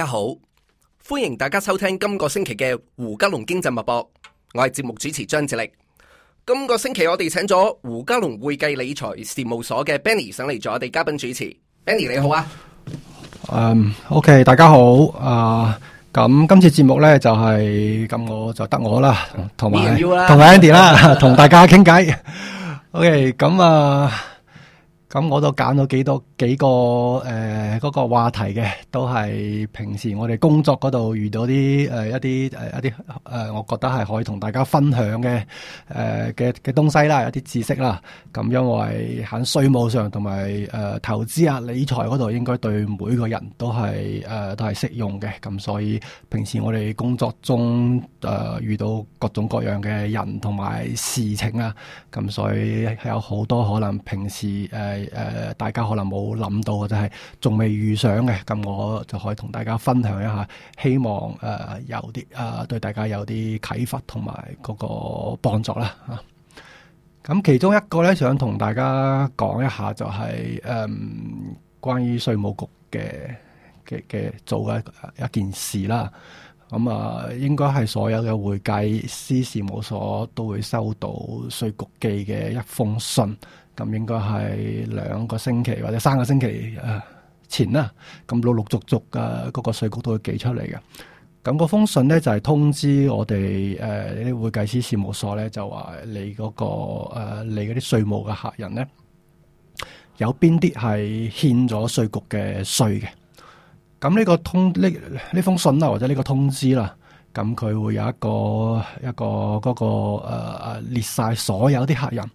大家好，歡迎大家收聽今個星期嘅胡嘉龍經濟脈搏，我係節目主持張智力。今個星期我哋請咗胡嘉龍會計理財事務所嘅 Benny 上嚟做我哋嘉賓主持，Benny 你好啊。嗯，OK，大家好。啊，咁今次節目呢就係咁，我就得我啦，同埋同埋 Andy 啦，同大家傾偈。OK，咁啊，咁我都揀咗幾多。幾個誒、呃嗰個話題嘅，都係平時我哋工作度遇到啲誒一啲誒、呃、一啲誒、呃呃，我覺得係可以同大家分享嘅誒嘅嘅東西啦，一啲知識啦。咁、嗯、因為喺稅務上同埋誒投資啊理財度，應該對每個人都係誒、呃、都係適用嘅。咁、嗯、所以平時我哋工作中誒、呃、遇到各種各樣嘅人同埋事情啊，咁、嗯、所以係有好多可能平時誒誒、呃、大家可能冇。冇諗到嘅就係仲未遇上嘅，咁我就可以同大家分享一下，希望誒、呃、有啲誒、呃、對大家有啲啟發同埋嗰個幫助啦吓。咁其中一個咧想同大家講一下就係、是、誒、嗯、關於稅務局嘅嘅嘅做嘅一件事啦。咁啊，應該係所有嘅會計師事務所都會收到稅局寄嘅一封信。咁應該係兩個星期或者三個星期前啦，咁陸陸續續嘅嗰、那個稅局都會寄出嚟嘅。咁、那個封信呢，就係通知我哋誒，啲、呃、會計師事務所咧就話你嗰、那個誒、呃，你嗰啲稅務嘅客人咧有邊啲係欠咗稅局嘅稅嘅。咁呢個通呢呢封信啦，或者呢個通知啦，咁佢會有一個一個嗰個誒、呃、列晒所有啲客人。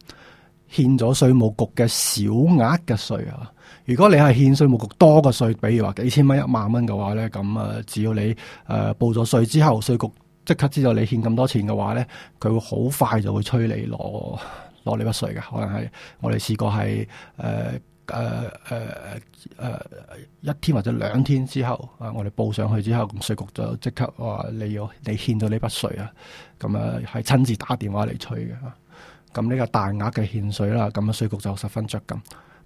欠咗稅務局嘅小額嘅稅啊。如果你係欠稅務局多嘅稅，比如話幾千蚊、一萬蚊嘅話咧，咁啊，只要你誒、呃、報咗稅之後，稅局即刻知道你欠咁多錢嘅話咧，佢會好快就會催你攞攞呢筆稅嘅。可能係我哋試過係誒誒誒誒一天或者兩天之後啊，我哋報上去之後，咁稅局就即刻話你要你欠咗呢筆稅啊，咁啊係親自打電話嚟催嘅。咁呢個大額嘅欠稅啦，咁啊稅局就十分着緊。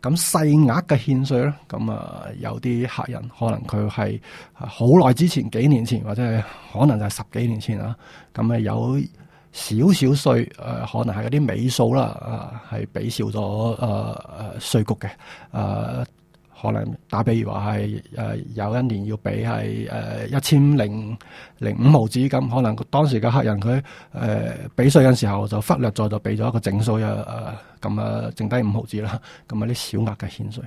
咁細額嘅欠稅咧，咁啊有啲客人可能佢係好耐之前幾年前，或者可能就係十幾年前啊，咁啊有少少稅、呃、可能係嗰啲尾數啦啊，係、呃、俾少咗誒稅局嘅可能打比如話係誒，有一年要俾係誒一千零零五毫子咁，可能當時嘅客人佢誒俾稅嗰時候就忽略咗，就俾咗一個整數嘅誒咁啊，剩低五毫子啦，咁啊啲小額嘅欠稅。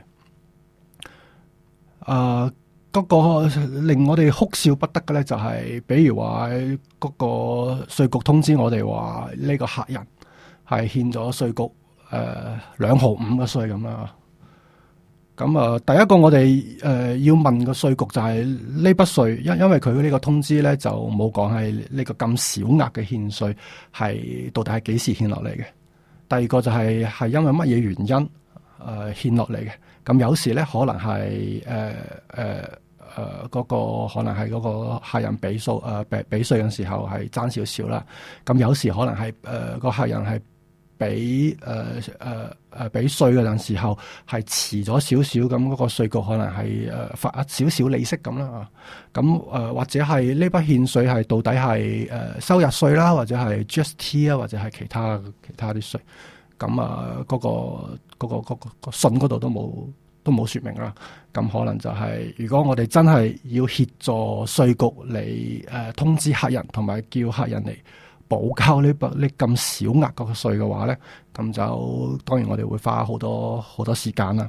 啊，嗰個令我哋哭笑不得嘅咧，就係比如話嗰個稅局通知我哋話呢個客人係欠咗稅局誒兩毫五嘅稅咁啦。咁啊，第一個我哋誒、呃、要問個稅局就係呢筆稅，因因為佢呢個通知咧就冇講係呢個咁小額嘅欠稅，係到底係幾時欠落嚟嘅？第二個就係、是、係因為乜嘢原因誒欠落嚟嘅？咁、呃、有時咧可能係誒誒誒嗰個可能係嗰個客人比數誒比稅嘅時候係爭少少啦，咁有時可能係誒個客人係。俾誒誒誒俾稅嘅嗰陣時候是了一點點，係遲咗少少咁，嗰個稅局可能係誒、啊、發少少利息咁啦啊！咁誒或者係呢筆欠稅係到底係誒、啊、收入稅啦，或者係 GST 啊，或者係其他其他啲稅。咁啊，嗰、嗰個嗰、嗰個、嗰個嗰個、信嗰度都冇都冇說明啦。咁可能就係、是、如果我哋真係要協助稅局嚟誒、啊、通知客人，同埋叫客人嚟。補交呢筆呢咁少額個稅嘅話咧，咁就當然我哋會花好多好多時間啦。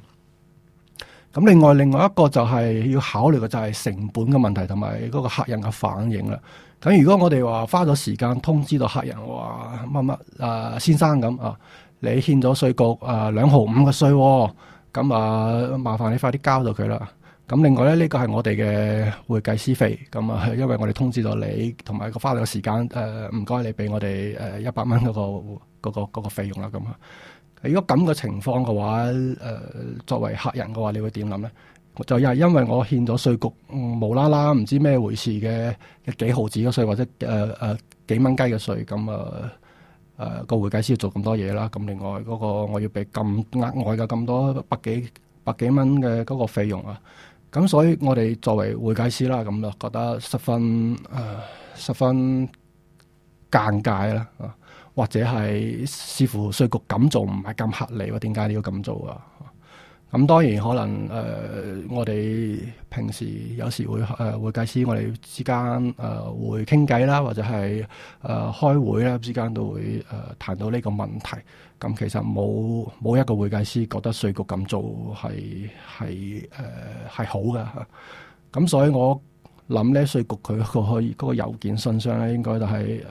咁另外另外一個就係要考慮嘅就係成本嘅問題，同埋嗰個客人嘅反應啦。咁如果我哋話花咗時間通知到客人，話乜乜啊先生咁啊，你欠咗稅局誒、啊、兩毫五嘅稅，哦，咁啊麻煩你快啲交到佢啦。咁另外咧，呢個係我哋嘅會計師費，咁啊，因為我哋通知咗你，同埋個花咗時間，誒唔該，你俾我哋誒一百蚊嗰個嗰個嗰個費用啦，咁啊，如果咁嘅情況嘅話，作為客人嘅話，你會點諗咧？就係因為我欠咗稅局無啦啦唔知咩回事嘅幾幾毫子嘅稅，或者誒幾蚊雞嘅稅，咁啊誒個會計師要做咁多嘢啦，咁另外嗰個我要俾咁額外嘅咁多百幾百幾蚊嘅嗰個費用啊！咁所以我哋作為會計師啦，咁就覺得十分誒、呃，十分尷尬啦，或者係似乎稅局咁做唔係咁合理喎？點解你要咁做啊？咁當然可能誒、呃，我哋平時有時會誒、呃、會計師我們，我哋之間誒會傾偈啦，或者係誒、呃、開會啦之間都會誒談、呃、到呢個問題。咁其實冇冇一個會計師覺得稅局咁做係係誒係好噶咁所以我諗咧稅局佢個嗰個郵件信箱咧，應該就係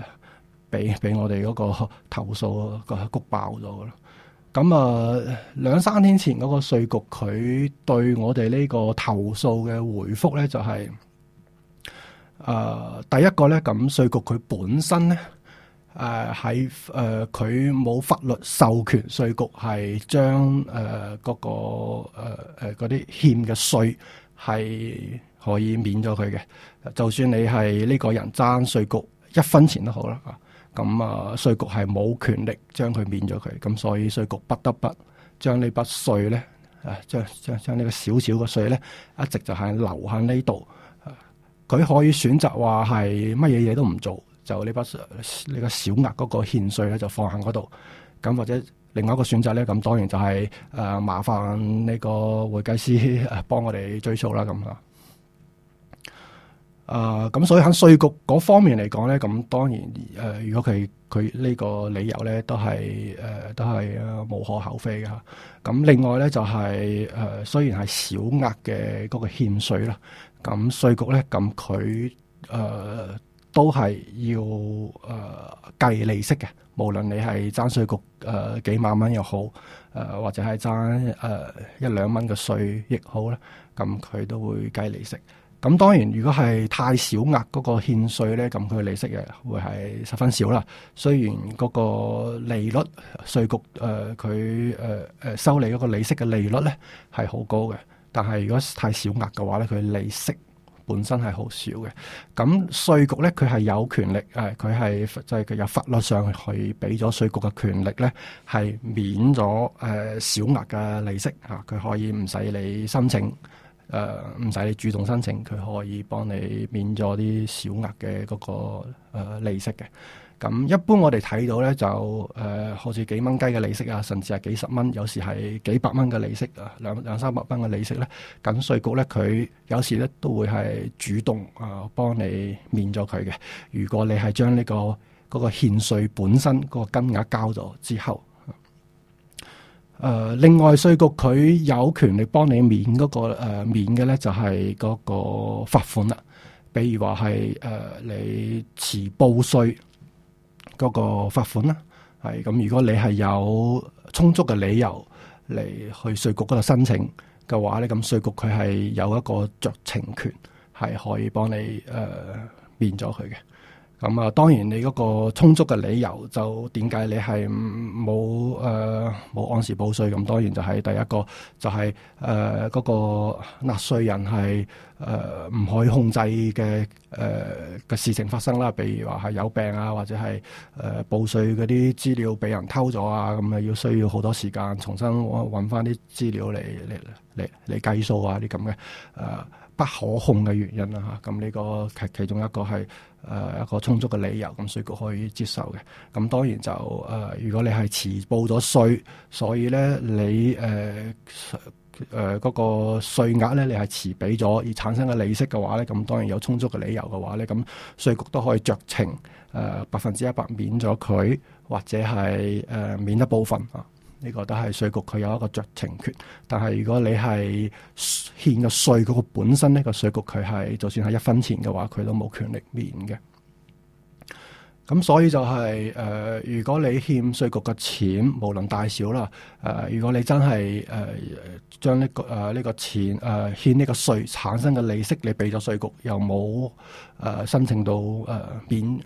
俾俾我哋嗰個投訴個谷爆咗咯。咁啊兩三天前嗰個稅局佢對我哋呢個投訴嘅回覆咧，就是，就係誒第一個咧，咁稅局佢本身咧。誒喺誒佢冇法律授權，稅局係將誒嗰、呃、個誒啲、呃、欠嘅稅係可以免咗佢嘅。就算你係呢個人爭稅局一分錢都好啦，咁啊稅、啊、局係冇權力將佢免咗佢，咁所以稅局不得不將這筆稅呢筆稅咧，啊將將將個小小呢個少少嘅稅咧，一直就係留喺呢度。佢、啊、可以選擇話係乜嘢嘢都唔做。就呢筆呢個小額嗰個欠稅咧，就放喺嗰度。咁或者另外一個選擇咧，咁當然就係、是、誒、呃、麻煩呢個會計師幫我哋追溯啦，咁咁、呃、所以喺稅局嗰方面嚟講咧，咁當然誒、呃，如果佢佢呢個理由咧，都係誒、呃、都係無可厚非嘅。咁另外咧就係、是、誒、呃，雖然係小額嘅嗰個欠稅啦，咁稅局咧咁佢誒。都係要誒、呃、計利息嘅，無論你係爭稅局誒、呃、幾萬蚊又好，誒、呃、或者係爭誒一兩蚊嘅稅亦好咧，咁佢都會計利息。咁當然，如果係太小額嗰個欠稅咧，咁佢利息嘅會係十分少啦。雖然嗰個利率稅局誒佢誒誒收你嗰個利息嘅利率咧係好高嘅，但係如果太小額嘅話咧，佢利息。本身係好少嘅，咁稅局咧佢係有權力，誒佢係就係、是、佢有法律上去俾咗稅局嘅權力咧，係免咗誒、呃、小額嘅利息啊，佢可以唔使你申請，誒唔使你主動申請，佢可以幫你免咗啲小額嘅嗰、那個、呃、利息嘅。咁一般我哋睇到咧就誒、呃、好似幾蚊雞嘅利息啊，甚至係幾十蚊，有時係幾百蚊嘅利息啊，兩兩三百蚊嘅利息咧，緊稅局咧佢有時咧都會係主動啊幫、呃、你免咗佢嘅。如果你係將呢個嗰個欠、那個、稅本身、個金額交咗之後，誒、呃、另外稅局佢有權力幫你免嗰、那個、呃、免嘅咧就係、是、嗰個罰款啦。比如話係誒你遲報稅。嗰、那個罰款啦，係咁。如果你係有充足嘅理由嚟去稅局嗰度申請嘅話咧，咁稅局佢係有一個酌情權，係可以幫你誒變咗佢嘅。呃咁、嗯、啊，當然你嗰個充足嘅理由，就點解你係冇誒冇按時報稅咁？當然就係第一個，就係誒嗰個納稅、啊、人係誒唔可以控制嘅誒嘅事情發生啦。比如話係有病啊，或者係誒報稅嗰啲資料俾人偷咗啊，咁啊要需要好多時間重新揾翻啲資料嚟嚟嚟嚟計數啊啲咁嘅誒。不可控嘅原因啦吓，咁呢個其其中一個係誒、呃、一個充足嘅理由，咁稅局可以接受嘅。咁當然就誒、呃，如果你係遲報咗稅，所以咧你誒誒嗰個稅額咧你係遲俾咗而產生嘅利息嘅話咧，咁當然有充足嘅理由嘅話咧，咁稅局都可以酌情誒百分之一百免咗佢，或者係誒、呃、免一部分啊。呢、這個都係稅局佢有一個酌情權，但係如果你係欠個稅，嗰個本身呢、這個稅局佢係就算係一分錢嘅話，佢都冇權力免嘅。咁所以就係、是、誒、呃，如果你欠稅局嘅錢，無論大小啦，誒、呃，如果你真係誒將呢個誒呢、呃這個錢誒、呃、欠呢個稅產生嘅利息，你俾咗稅局又冇誒、呃、申請到誒、呃、免。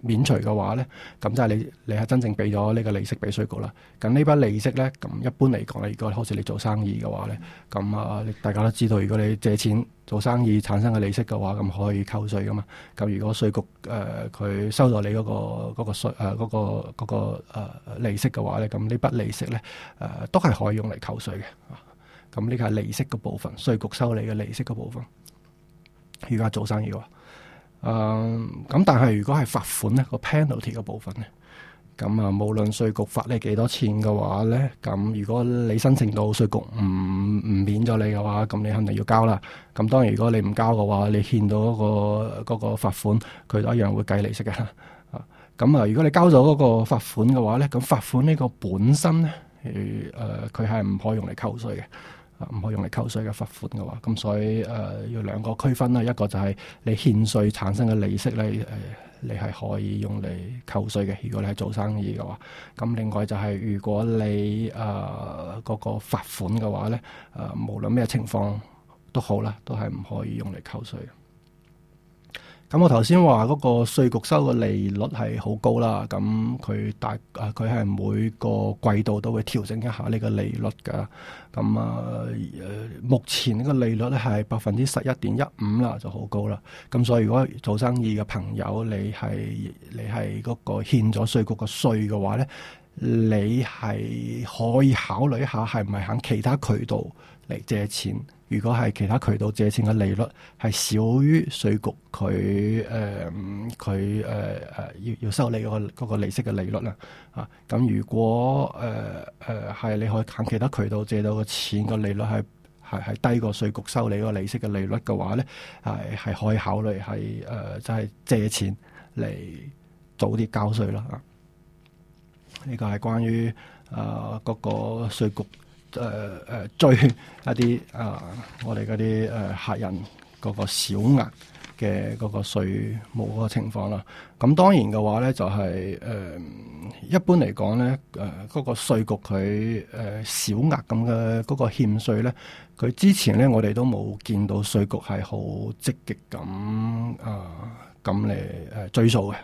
免除嘅話咧，咁就係你你係真正俾咗呢個利息俾稅局啦。咁呢筆利息咧，咁一般嚟講，如果好似你做生意嘅話咧，咁啊大家都知道，如果你借錢做生意產生嘅利息嘅話，咁可以扣稅噶嘛。咁如果稅局誒佢、呃、收咗你嗰、嗰個稅誒嗰個嗰、嗰個嗰個嗰個、利息嘅話咧，咁呢筆利息咧誒、呃、都係可以用嚟扣稅嘅。咁呢個係利息嘅部分，稅局收你嘅利息嘅部分。而家做生意喎。誒咁，但係如果係罰款呢個 penalty 嘅部分咧，咁啊，無論稅局罰你幾多錢嘅話呢，咁如果你申請到稅局唔唔免咗你嘅話，咁你肯定要交啦。咁當然如果你唔交嘅話，你欠到嗰個嗰個罰款，佢都一樣會計利息嘅。啊，咁啊，如果你交咗嗰個罰款嘅話呢，咁罰款呢個本身呢，誒佢係唔可以用嚟扣稅嘅。唔可以用嚟扣稅嘅罰款嘅話，咁所以誒、呃、要兩個區分啦。一個就係你欠稅產生嘅利息咧，誒、呃、你係可以用嚟扣稅嘅。如果你係做生意嘅話，咁另外就係如果你誒嗰、呃嗰個罰款嘅話咧，誒、呃、無論咩情況都好啦，都係唔可以用嚟扣稅嘅。咁我頭先話嗰個稅局收嘅利率係好高啦，咁佢大啊，佢係每個季度都會調整一下呢個利率噶，咁啊、呃、目前呢個利率咧係百分之十一點一五啦，就好高啦。咁所以如果做生意嘅朋友，你係你係嗰個欠咗稅局嘅稅嘅話咧，你係可以考慮一下係唔係行其他渠道嚟借錢？如果係其他渠道借錢嘅利率係少於稅局佢誒佢誒誒要要收你嗰個嗰個利息嘅利率啦，啊咁如果誒誒係你可以揀其他渠道借到嘅錢嘅利率係係係低過稅局收你嗰利息嘅利率嘅話咧，係係可以考慮係誒即係借錢嚟早啲交稅啦啊！呢個係關於誒嗰個稅局。誒誒追一啲啊，我哋嗰啲誒客人嗰個小額嘅嗰個稅務個情況啦。咁當然嘅話咧，就係、是、誒、嗯、一般嚟講咧誒嗰個稅局佢誒、啊、小額咁嘅嗰個欠稅咧，佢之前咧，我哋都冇見到稅局係好積極咁啊咁嚟誒追數嘅。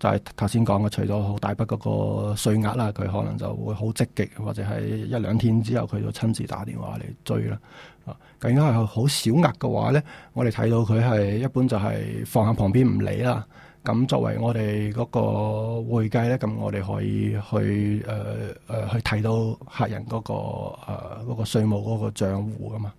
就係頭先講嘅，除咗好大筆嗰個稅額啦，佢可能就會好積極，或者係一兩天之後佢就親自打電話嚟追啦。啊，咁如果係好小額嘅話咧，我哋睇到佢係一般就係放喺旁邊唔理啦。咁作為我哋嗰個會計咧，咁我哋可以去誒誒、呃呃、去睇到客人嗰、嗰個誒嗰、呃嗰個稅務嗰個賬戶啊嘛。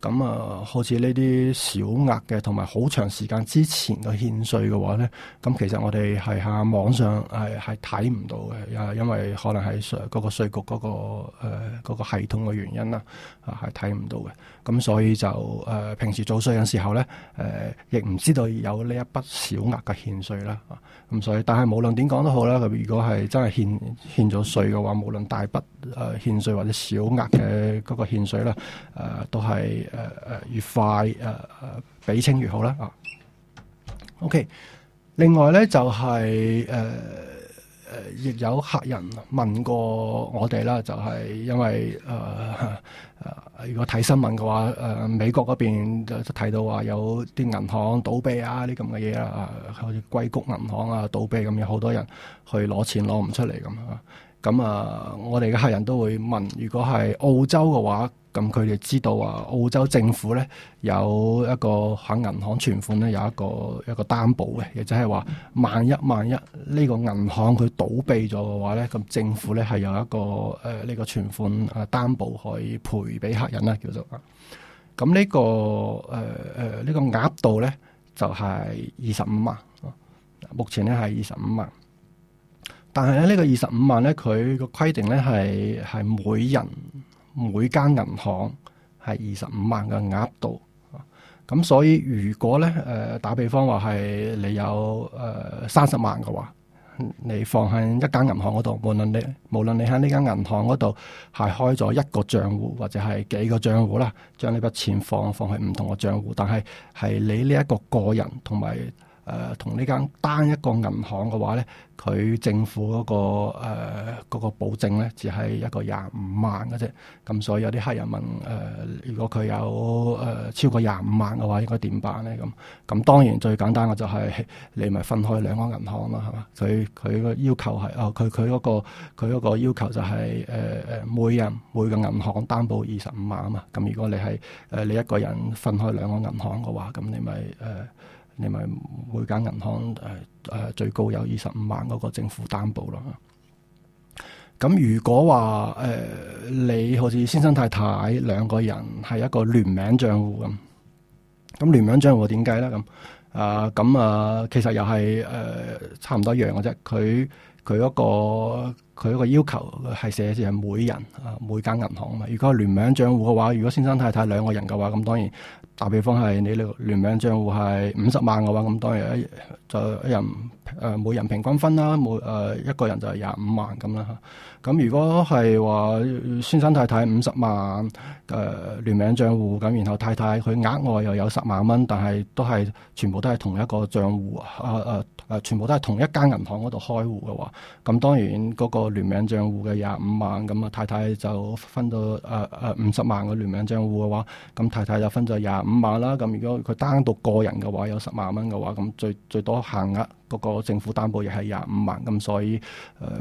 咁啊，好似呢啲小額嘅，同埋好長時間之前嘅欠稅嘅話咧，咁其實我哋係喺網上係睇唔到嘅，因為可能係稅嗰個稅局嗰、嗰個誒、呃嗰個、系統嘅原因啦，啊係睇唔到嘅。咁所以就誒、呃、平時做稅嘅時候咧，誒亦唔知道有呢一筆小額嘅欠稅啦。咁、啊、所以，但係無論點講都好啦，如果係真係欠欠咗稅嘅話，無論大筆誒欠稅或者小額嘅嗰個欠稅啦，誒、呃、都係。誒、呃、誒，越快誒誒，俾、呃、清越好啦啊！OK，另外咧就係誒誒，亦、呃、有客人問過我哋啦，就係、是、因為誒誒，如果睇新聞嘅話，誒、呃呃呃呃呃呃呃、美國嗰邊就睇到話有啲銀行倒閉啊，啲咁嘅嘢啦，啊，好似硅谷銀行啊倒閉咁、啊，有好多人去攞錢攞唔出嚟咁啊。咁、呃、啊、呃，我哋嘅客人都會問，如果係澳洲嘅話。咁佢哋知道啊，澳洲政府咧有一個喺銀行存款咧有一個有一個擔保嘅，亦即係話萬一萬一呢個銀行佢倒閉咗嘅話咧，咁政府咧係有一個呢、呃這個存款擔保可以賠俾客人啦，叫做啊。咁、這個呃這個、呢個誒誒呢個額度咧就係二十五萬，目前呢，係二十五萬，但係咧呢、這個二十五萬咧佢個規定咧係係每人，每間銀行係二十五萬嘅額度，咁所以如果咧誒打比方話係你有誒三十萬嘅話，你放喺一間銀行嗰度，無論你無論你喺呢間銀行嗰度係開咗一個賬戶，或者係幾個賬戶啦，將呢筆錢放放喺唔同嘅賬戶，但係係你呢一個個人同埋。誒、呃、同呢間單一個銀行嘅話咧，佢政府嗰、那個誒、呃那個、保證咧，只係一個廿五萬嘅啫。咁、嗯、所以有啲黑人問誒、呃，如果佢有誒、呃、超過廿五萬嘅話，應該點辦咧？咁、嗯、咁、嗯嗯、當然最簡單嘅就係、是、你咪分開兩個銀行啊嘛，係嘛？佢佢、哦那個、個要求係、就、哦、是，佢佢嗰個佢嗰個要求就係誒誒，每人每個銀行擔保二十五萬啊嘛。咁、嗯、如果你係誒、呃、你一個人分開兩個銀行嘅話，咁你咪誒。呃你咪每間銀行誒誒最高有二十五萬嗰個政府擔保咯。咁如果話誒、呃、你好似先生太太兩個人係一個聯名帳戶咁，咁聯名帳戶點計咧？咁啊咁啊，其實又係誒差唔多一樣嘅啫。佢佢嗰個佢嗰個要求係寫住係每人啊每間銀行啊嘛。如果係聯名帳戶嘅話，如果先生太太兩個人嘅話，咁當然。打比方係你聯名帳戶係五十萬嘅話，咁當然就一人誒、呃、每人平均分啦，每誒、呃、一個人就係廿五萬咁啦嚇。咁如果係話先生太太五十萬誒、呃、聯名帳戶，咁然後太太佢額外又有十萬蚊，但係都係全部都係同一個帳戶，啊啊啊，全部都係同一間銀行嗰度開戶嘅話，咁當然嗰個聯名帳戶嘅廿五萬咁啊，太太就分到誒誒五十萬嘅聯名帳戶嘅話，咁太太就分咗廿五萬啦。咁如果佢單獨個人嘅話有十萬蚊嘅話，咁最最多限額。個個政府擔保亦係廿五萬，咁所以誒，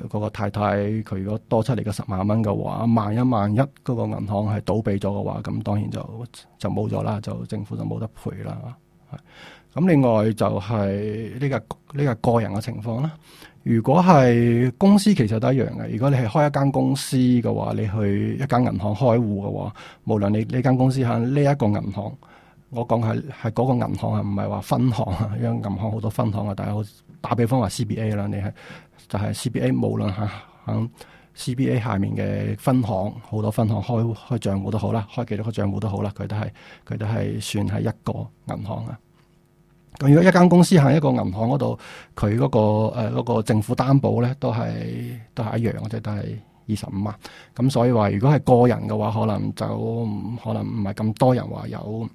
嗰個太太佢如果多出嚟嘅十萬蚊嘅話，萬一萬一嗰個銀行係倒閉咗嘅話，咁當然就就冇咗啦，就政府就冇得賠啦。咁另外就係呢個呢個個人嘅情況啦。如果係公司其實都一樣嘅。如果你係開一間公司嘅話，你去一間銀行開戶嘅話，無論你呢間公司喺呢一個銀行。我講係係嗰個銀行啊，唔係話分行啊，因為銀行好多分行啊。大家我打比方話 CBA 啦，你係就係、係、CBA 無論嚇響 CBA 下面嘅分行好多分行開開賬戶都好啦，開幾多個賬戶都好啦，佢都係佢都係算係一個銀行啊。咁如果一間公司喺一個銀行嗰度，佢嗰、嗰個誒、呃嗰個、政府擔保咧，都係都係一樣嘅啫，我都係二十五萬。咁所以話，如果係個人嘅話，可能就可能唔係咁多人話有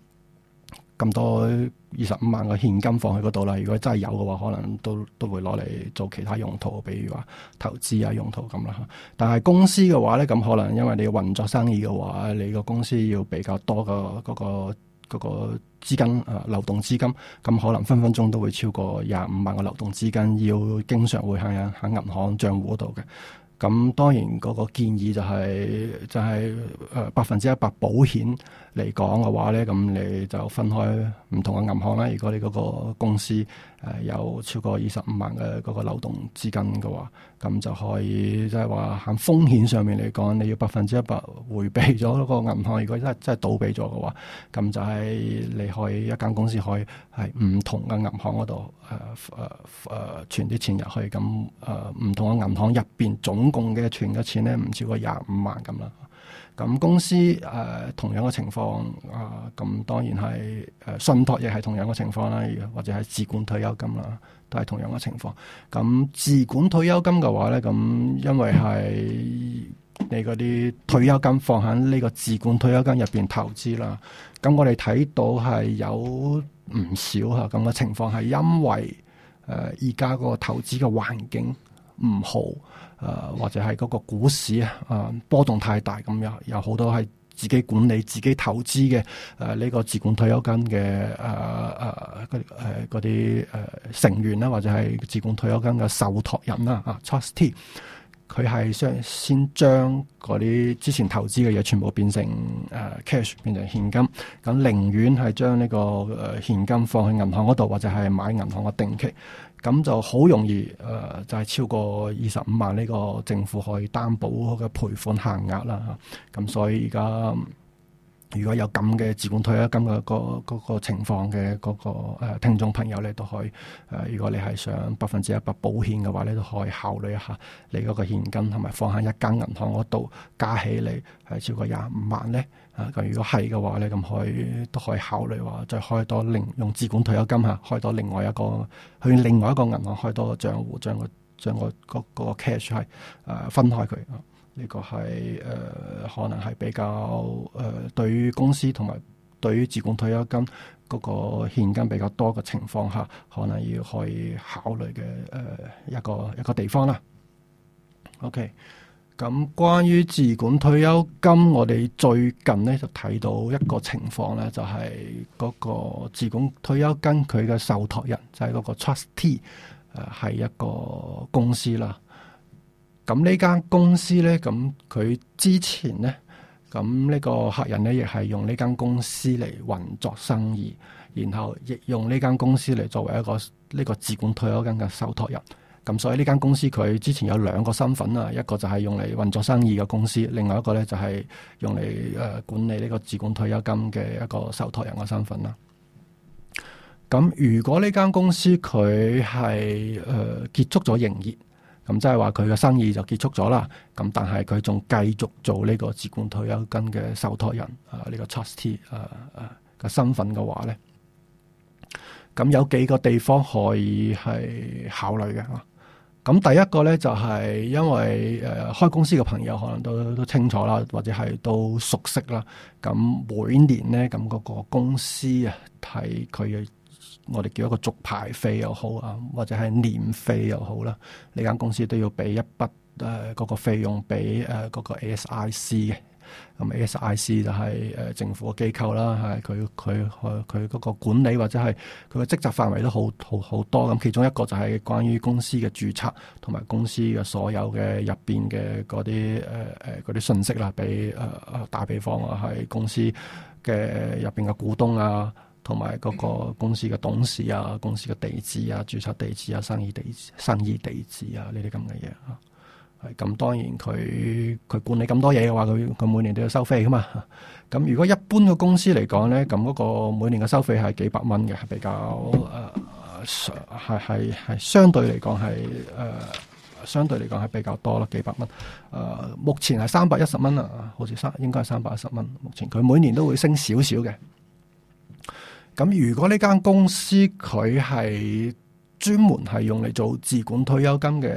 咁多二十五萬個現金放喺嗰度啦，如果真係有嘅話，可能都都會攞嚟做其他用途，比如話投資啊用途咁啦。但係公司嘅話咧，咁可能因為你要運作生意嘅話，你個公司要比較多個嗰個嗰個資金啊，流動資金，咁可能分分鐘都會超過廿五萬個流動資金，要經常會喺喺銀行帳戶嗰度嘅。咁當然嗰個建議就係就係誒百分之一百保險。嚟講嘅話咧，咁你就分開唔同嘅銀行啦。如果你嗰個公司誒、呃、有超過二十五萬嘅嗰個流動資金嘅話，咁就可以即係話喺風險上面嚟講，你要百分之一百迴避咗嗰個銀行。如果真係真係倒閉咗嘅話，咁就係你可以一間公司可以喺唔同嘅銀行嗰度誒誒誒存啲錢入去，咁誒唔同嘅銀行入邊總共嘅存嘅錢咧唔超過廿五萬咁啦。咁公司誒、呃，同樣嘅情況啊，咁、呃、當然係誒、呃、信託亦係同樣嘅情況啦，或者係自管退休金啦，都係同樣嘅情況。咁自管退休金嘅話咧，咁因為係你嗰啲退休金放喺呢個自管退休金入邊投資啦，咁我哋睇到係有唔少吓咁嘅情況，係因為誒而家個投資嘅環境唔好。誒或者係嗰個股市啊，誒波動太大咁樣，有有好多係自己管理、自己投資嘅誒呢個自管退休金嘅誒誒誒嗰啲誒成員啦、啊，或者係自管退休金嘅受託人啦啊，啊，trustee，佢係先先將嗰啲之前投資嘅嘢全部變成誒、啊、cash 變成現金，咁寧願係將呢個誒現金放去銀行嗰度，或者係買銀行嘅定期。咁就好容易，呃、就係、係、超過二十五萬呢個政府可以擔保嘅賠款限額啦。咁所以而家如果有咁嘅自管退休金嘅嗰個、嗰個情況嘅嗰個、呃、聽聽眾朋友咧，你都可以、呃、如果你係想百分之一百保險嘅話咧，你都可以考慮一下你嗰個現金同埋放喺一間銀行嗰度加起嚟係、呃、超過廿五萬咧。啊，咁如果係嘅話咧，咁可以都可以考慮話再開多另用自管退休金吓，開多另外一個去另外一個銀行開多個賬戶，將個將個嗰個，個 cash 係、啊、誒分開佢啊。呢、這個係誒、呃、可能係比較誒、呃、對於公司同埋對於自管退休金嗰、那個現金比較多嘅情況下，可能要去考慮嘅誒一個一個地方啦。OK。咁關於自管退休金，我哋最近咧就睇到一個情況咧，就係嗰個自管退休金佢嘅受託人，就係嗰個 trustee，誒係一個公司啦。咁呢間公司咧，咁佢之前咧，咁呢個客人咧，亦係用呢間公司嚟運作生意，然後亦用呢間公司嚟作為一個呢個自管退休金嘅受託人。咁所以呢間公司佢之前有兩個身份啊，一個就係用嚟運作生意嘅公司，另外一個咧就係用嚟誒管理呢個自管退休金嘅一個受託人嘅身份啦。咁如果呢間公司佢係誒結束咗營業，咁即係話佢嘅生意就結束咗啦。咁但係佢仲繼續做呢個自管退休金嘅受託人啊。呢、呢個 trustee 啊啊嘅身份嘅話咧，咁有幾個地方可以係考慮嘅。咁第一個咧就係、是、因為誒、呃、開公司嘅朋友可能都都清楚啦，或者係都熟悉啦。咁每年咧咁嗰個公司啊，係佢我哋叫一個續牌費又好啊，或者係年費又好啦，呢間公司都要俾一筆誒嗰、呃那個費用俾誒嗰個 ASIC 嘅。咁 ASIC 就係誒政府嘅機構啦，係佢佢佢佢嗰個管理或者係佢嘅職責範圍都好好好多咁。其中一個就係關於公司嘅註冊同埋公司嘅所有嘅入邊嘅嗰啲誒誒啲信息啦，俾誒打比方啊，係公司嘅入邊嘅股東啊，同埋嗰個公司嘅董事啊，公司嘅地址啊，註冊地址啊，生意地址，生意地址啊，呢啲咁嘅嘢啊。咁當然佢佢管理咁多嘢嘅話，佢佢每年都要收費噶嘛。咁如果一般嘅公司嚟講咧，咁嗰個每年嘅收費係幾百蚊嘅，係比較誒，係係係相對嚟講係誒，相對嚟講係、呃、比較多咯，幾百蚊。誒、呃，目前係三百一十蚊啦，好似三應該係三百一十蚊。目前佢每年都會升少少嘅。咁如果呢間公司佢係專門係用嚟做自管退休金嘅，誒、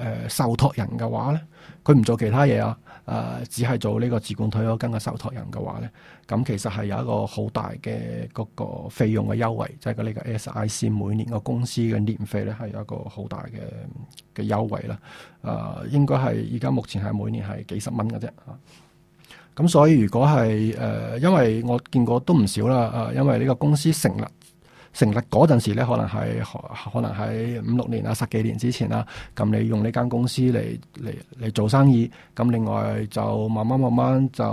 呃、受託人嘅話咧，佢唔做其他嘢啊，誒、呃、只係做呢個自管退休金嘅受託人嘅話咧，咁其實係有一個好大嘅嗰個費用嘅優惠，即係佢呢個 ASIC 每年個公司嘅年費咧係有一個好大嘅嘅優惠啦，誒、呃、應該係而家目前係每年係幾十蚊嘅啫啊。咁所以如果係誒、呃，因為我見過都唔少啦，誒、呃、因為呢個公司成立。成立嗰陣時咧，可能係可能喺五六年啊、十幾年之前啦。咁你用呢間公司嚟嚟嚟做生意，咁另外就慢慢慢慢就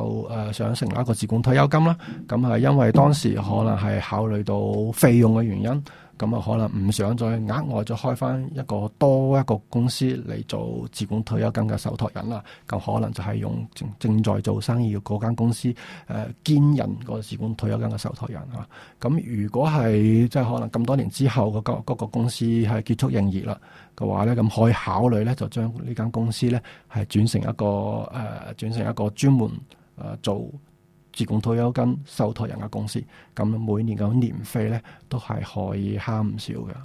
誒想成立一個自管退休金啦。咁係因為當時可能係考慮到費用嘅原因。咁啊，可能唔想再額外再開翻一個多一個公司嚟做自管退休金嘅受託人啦，咁可能就係用正正在做生意嘅嗰間公司，呃、兼任個自管退休金嘅受託人嚇。咁如果係即係可能咁多年之後，嗰個，嗰個公司係結束營業啦嘅話咧，咁可以考慮咧就將呢間公司咧係轉成一個呃、轉成一個專門、呃、做。自管退休金受託人嘅公司，咁每年嘅年費咧都係可以慳唔少嘅。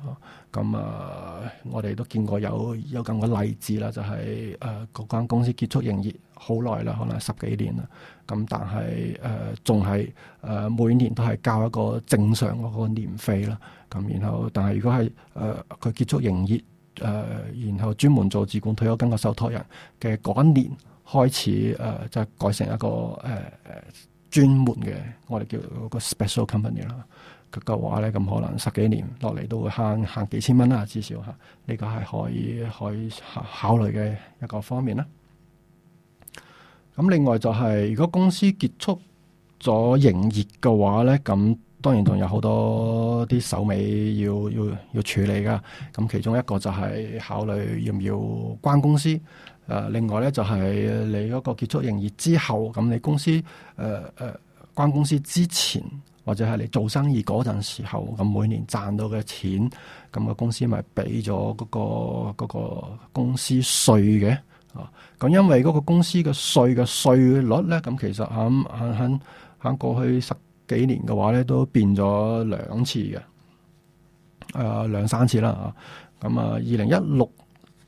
咁啊，我哋都見過有有咁嘅例子啦，就係嗰間公司結束營業好耐啦，可能十幾年啦。咁但係誒仲係誒每年都係交一個正常嗰個年費啦。咁然後但係如果係誒佢結束營業誒、呃，然後專門做自管退休金嘅受託人嘅嗰一年開始誒、呃，就係、改成一個誒誒。呃專門嘅，我哋叫個 special company 啦。嘅話咧，咁可能十幾年落嚟都會慳慳幾千蚊啦，至少嚇。呢個係可以可以考考慮嘅一個方面啦。咁另外就係，如果公司結束咗營業嘅話咧，咁當然仲有好多啲手尾要要要處理噶。咁其中一個就係考慮要唔要關公司。誒，另外咧就係、是、你嗰個結束營業之後，咁你公司誒誒、呃、關公司之前，或者係你做生意嗰陣時候，咁每年賺到嘅錢，咁、那個、個公司咪俾咗嗰個公司稅嘅。哦，咁因為嗰個公司嘅稅嘅稅率咧，咁其實喺喺喺過去十幾年嘅話咧，都變咗兩次嘅，誒、啊、兩三次啦、啊。啊，咁啊，二零一六。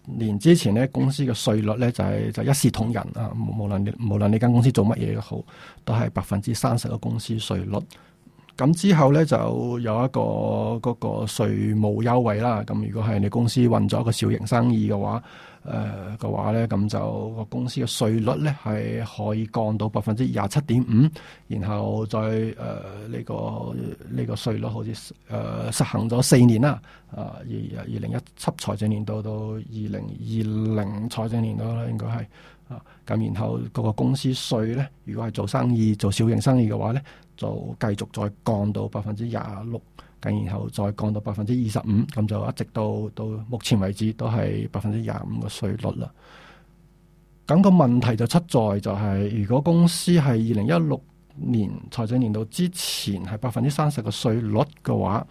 年之前咧，公司嘅稅率咧就係就一視同仁啊，無論無論呢間公司做乜嘢都好，都係百分之三十嘅公司稅率。咁之後咧就有一個嗰、嗰個稅務優惠啦。咁如果係你公司運咗一個小型生意嘅話，嘅、呃、話咧，咁就、嗰個公司嘅稅率咧係可以降到百分之廿七點五，然後再呢、呃呢個呢、呢個稅率好似誒、呃、實行咗四年啦。啊，二二零一七財政年度到二零二零財政年度啦，應該係啊。咁然後個個公司稅咧，如果係做生意做小型生意嘅話咧。就繼續再降到百分之廿六，咁然後再降到百分之二十五，咁就一直到到目前為止都係百分之廿五嘅稅率啦。咁個問題就出在就係，如果公司係二零一六年財政年度之前係百分之三十嘅稅率嘅話，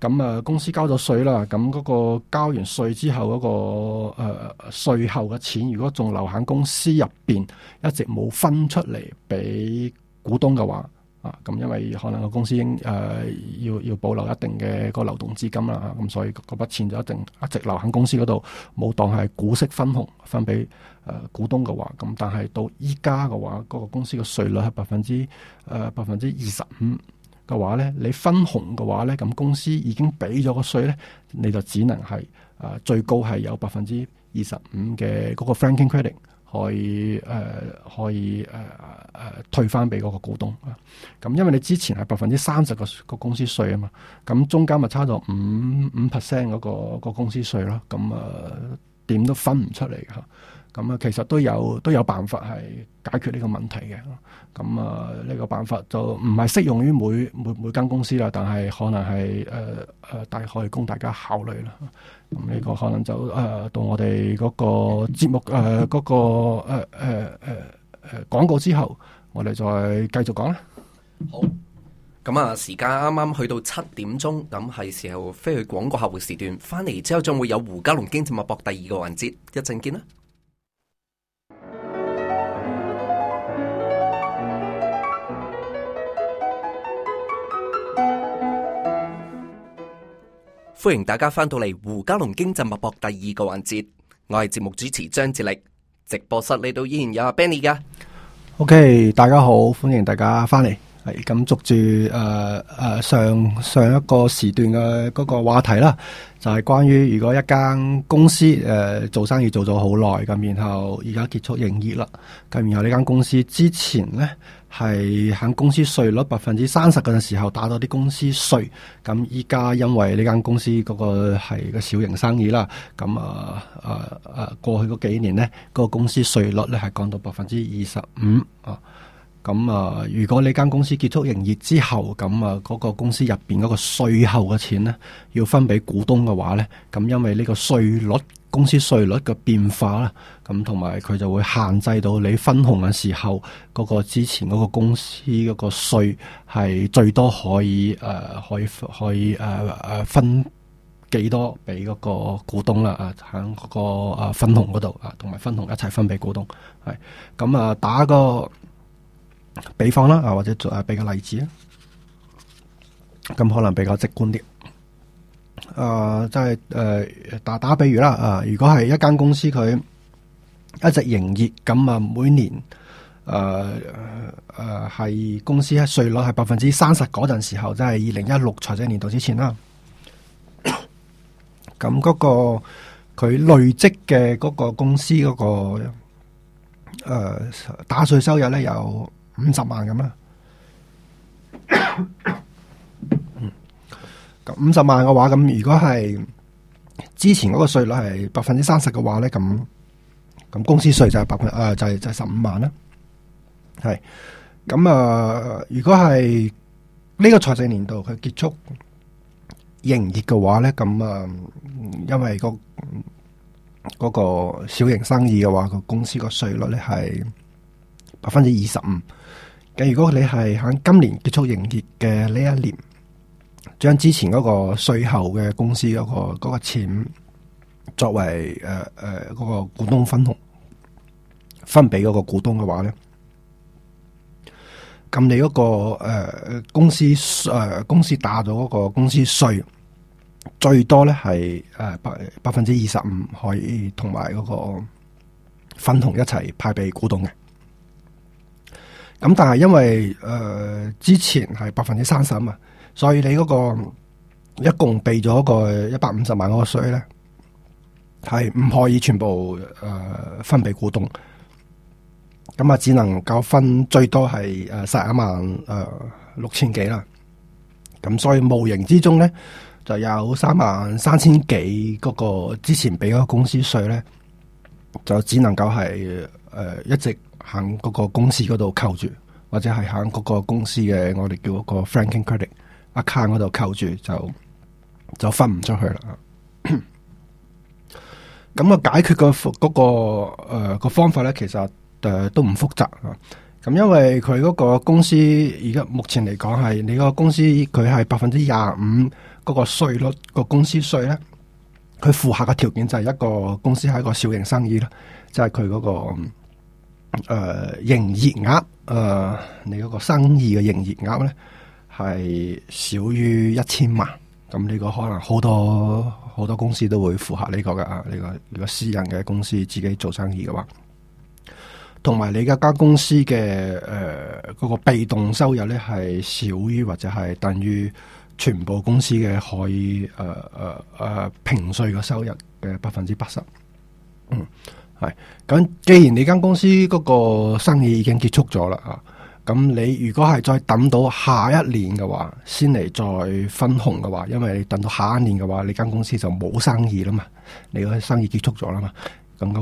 咁啊公司交咗稅啦，咁嗰個交完稅之後嗰個呃稅後嘅錢，如果仲留喺公司入邊，一直冇分出嚟俾股東嘅話，啊，咁因為可能個公司應誒、呃、要要保留一定嘅嗰個流動資金啦，咁、啊、所以嗰筆錢就一定一直留喺公司嗰度，冇當係股息分紅分俾誒、呃、股東嘅話，咁但係到依家嘅話，嗰、嗰個公司嘅稅率係百分之誒百分之二十五嘅話咧，你分紅嘅話咧，咁公司已經俾咗個稅咧，你就只能係誒、呃、最高係有百分之二十五嘅嗰個 franking credit。可以誒、呃，可以誒、呃呃、退翻俾嗰個股東啊！咁、嗯、因為你之前係百分之三十個公司稅啊嘛，咁、嗯、中間咪差咗五五 percent 個公司稅咯，咁、嗯、啊～、呃點都分唔出嚟嚇，咁、嗯、啊其實都有都有辦法係解決呢個問題嘅，咁啊呢個辦法就唔係適用於每每每間公司啦，但係可能係誒誒大可以供大家考慮啦。咁、嗯、呢、這個可能就誒、呃、到我哋嗰個節目誒嗰、呃那個誒誒誒誒廣告之後，我哋再繼續講啦。好。咁啊，時間啱啱去到七點鐘，咁係時候飛去廣告客戶時段，翻嚟之後仲會有胡嘉龍經濟脈搏第二個環節，一陣見啦！歡迎大家翻到嚟胡嘉龍經濟脈搏第二個環節，我係節目主持張智力，直播室呢度依然有阿 Benny 㗎。OK，大家好，歡迎大家翻嚟。係咁續住誒誒上上一個時段嘅嗰個話題啦，就係、是、關於如果一間公司誒、呃、做生意做咗好耐，咁然後而家結束營業啦，咁然後呢間公司之前呢，係喺公司稅率百分之三十嘅時候打到啲公司稅，咁依家因為呢間公司嗰個係個小型生意啦，咁啊啊，啊過去嗰幾年呢，嗰、那個公司稅率呢係降到百分之二十五啊。咁啊，如果你間公司結束營業之後，咁啊嗰個公司入邊嗰個稅後嘅錢呢，要分俾股東嘅話呢，咁因為呢個稅率公司稅率嘅變化啦，咁同埋佢就會限制到你分紅嘅時候，嗰、嗰個之前嗰個公司嗰個稅係最多可以誒、呃、可以可以誒誒、呃、分幾多俾嗰個股東啦啊，喺嗰個分紅嗰度啊，同埋分紅一齊分俾股東係，咁啊打個。比方啦，啊或者做啊，俾個例子啦，咁可能比較直觀啲。誒、呃，即係誒，打打比如啦，啊、呃，如果係一間公司佢一直營業，咁啊，每年誒誒係公司嘅稅率係百分之三十嗰陣時候，即係二零一六財政年度之前啦。咁嗰、那個佢累積嘅嗰個公司嗰、那個誒、呃、打稅收入咧有，五十萬咁啦，嗯，咁五十萬嘅話，咁如果係之前嗰個稅率係百分之三十嘅話咧，咁咁公司稅就係百分，誒、呃、就係、是、就係十五萬啦，係，咁啊、呃、如果係呢個財政年度佢結束營，營業嘅話咧，咁啊、呃、因為、個嗰、個小型生意嘅話，個公司個稅率咧係百分之二十五。咁如果你係喺今年結束營業嘅呢一年，將之前嗰個稅後嘅公司嗰個嗰個錢作為誒誒嗰個股東分紅，分俾嗰個股東嘅話咧，咁你嗰個誒公司誒公司打咗嗰個公司稅，最多咧係誒百百分之二十五可以同埋嗰個分紅一齊派俾股東嘅。咁但係因為誒、呃、之前係百分之三十嘛，所以你嗰個一共俾咗個一百五十萬個稅咧，係唔可以全部誒、呃、分俾股東，咁啊只能夠分最多係誒十一萬誒六千幾啦。咁、呃、所以無形之中咧就有三萬三千幾嗰個之前俾嗰個公司稅咧，就只能夠係誒、呃、一直。行嗰個公司嗰度扣住，或者係行嗰個公司嘅，我哋叫嗰個 franking credit account 嗰度扣住，就就分唔出去啦。咁啊， 解決、嗰個、嗰個誒、呃嗰個方法咧，其實誒、呃、都唔複雜啊。咁因為佢嗰個公司而家目前嚟講係你個公司，佢係百分之廿五嗰個稅率個公司稅咧，佢符合嘅條件就係一個公司係一個小型生意啦，即係佢嗰個。誒、呃，營業額誒，你嗰個生意嘅營業額咧係少於一千萬，咁呢個可能好多好多公司都會符合呢個嘅啊，呢、這個如果私人嘅公司自己做生意嘅話，同埋你嗰間公司嘅誒嗰個被動收入咧係少於或者係等於全部公司嘅可以誒誒誒平稅嘅收入嘅百分之八十，嗯。咁既然你間公司嗰個生意已經結束咗啦，啊，咁你如果係再等到下一年嘅話，先嚟再分紅嘅話，因為你等到下一年嘅話，你間公司就冇生意啦嘛，你個生意結束咗啦嘛，咁